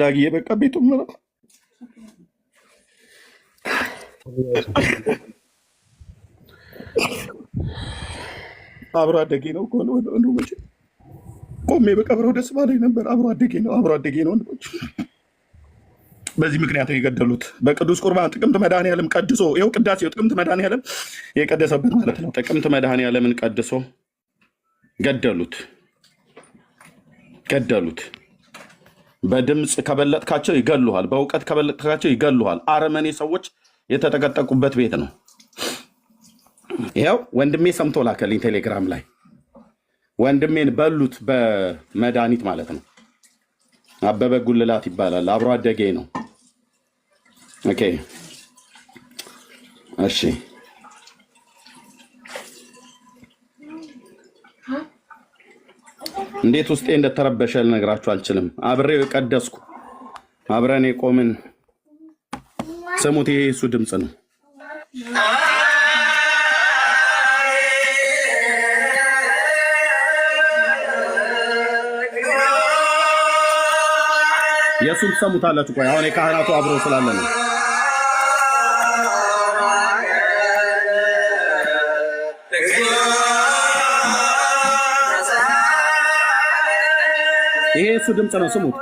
ዳግዬ በቃ ቤቱ ምራ አብሮ አደጌ ነው ከሆነ ወንድሞች ቆሜ በቀብረው ደስ ባለኝ ነበር። አብሮ አደጌ ነው፣ አብሮ አደጌ ነው። ወንድሞች በዚህ ምክንያት ነው የገደሉት። በቅዱስ ቁርባን ጥቅምት መድኃኔዓለም ቀድሶ ይኸው ቅዳሴው ጥቅምት መድኃኔዓለም የቀደሰበት ማለት ነው። ጥቅምት መድኃኔዓለምን ቀድሶ ገደሉት። ገደሉት። በድምፅ ከበለጥካቸው ይገሉሃል፣ በእውቀት ከበለጥካቸው ይገሉሃል። አረመኔ ሰዎች የተጠቀጠቁበት ቤት ነው። ይኸው ወንድሜ ሰምቶ ላከልኝ ቴሌግራም ላይ ወንድሜን በሉት፣ በመድኃኒት ማለት ነው። አበበ ጉልላት ይባላል። አብሮ አደጌ ነው። ኦኬ እሺ እንዴት ውስጤ እንደተረበሸ ልነግራችሁ አልችልም። አብሬው የቀደስኩ አብረን የቆምን ስሙት። ይሄ የሱ ድምፅ ነው። የእሱን ትሰሙታላችሁ። ቆይ አሁን የካህናቱ አብሮ ስላለ ነው። ይሄ እሱ ድምፅ ነው፣ ስሙት።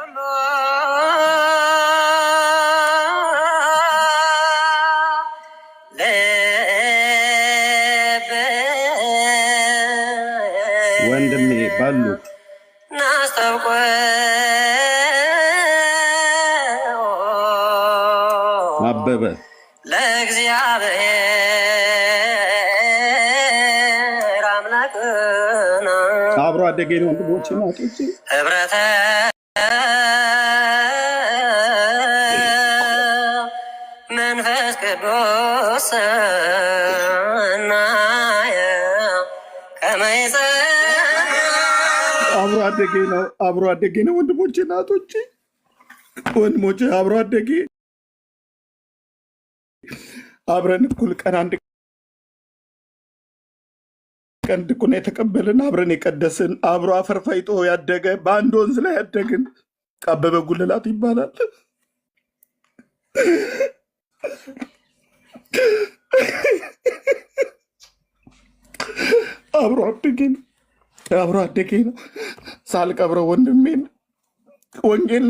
ወንድሜ ባሉ አበበ ለእግዚአብሔር አደጌ ነው ወንድሞች ማቶች ህብረተ መንፈስ ቅዱስ አብሮ አደጌ ነው። አብሮ አደጌ ነው ወንድሞቼ እናቶቼ፣ ወንድሞቼ አብሮ አደጌ አብረን እኩል ቀን አንድ ቀን ድቁና የተቀበልን አብረን የቀደስን አብሮ አፈርፋይጦ ያደገ በአንድ ወንዝ ላይ ያደግን ቀበበ ጉልላት ይባላል። አብሮ አደጌ ነው። አብሮ አደጌ ነው። ሳልቀብረው ወንድሜን ወንጌል